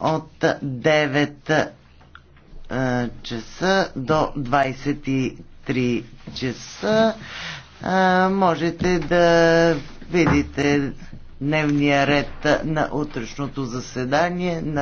от 9 е, часа до 23 часа. Е, можете да видите дневния ред на утрешното заседание на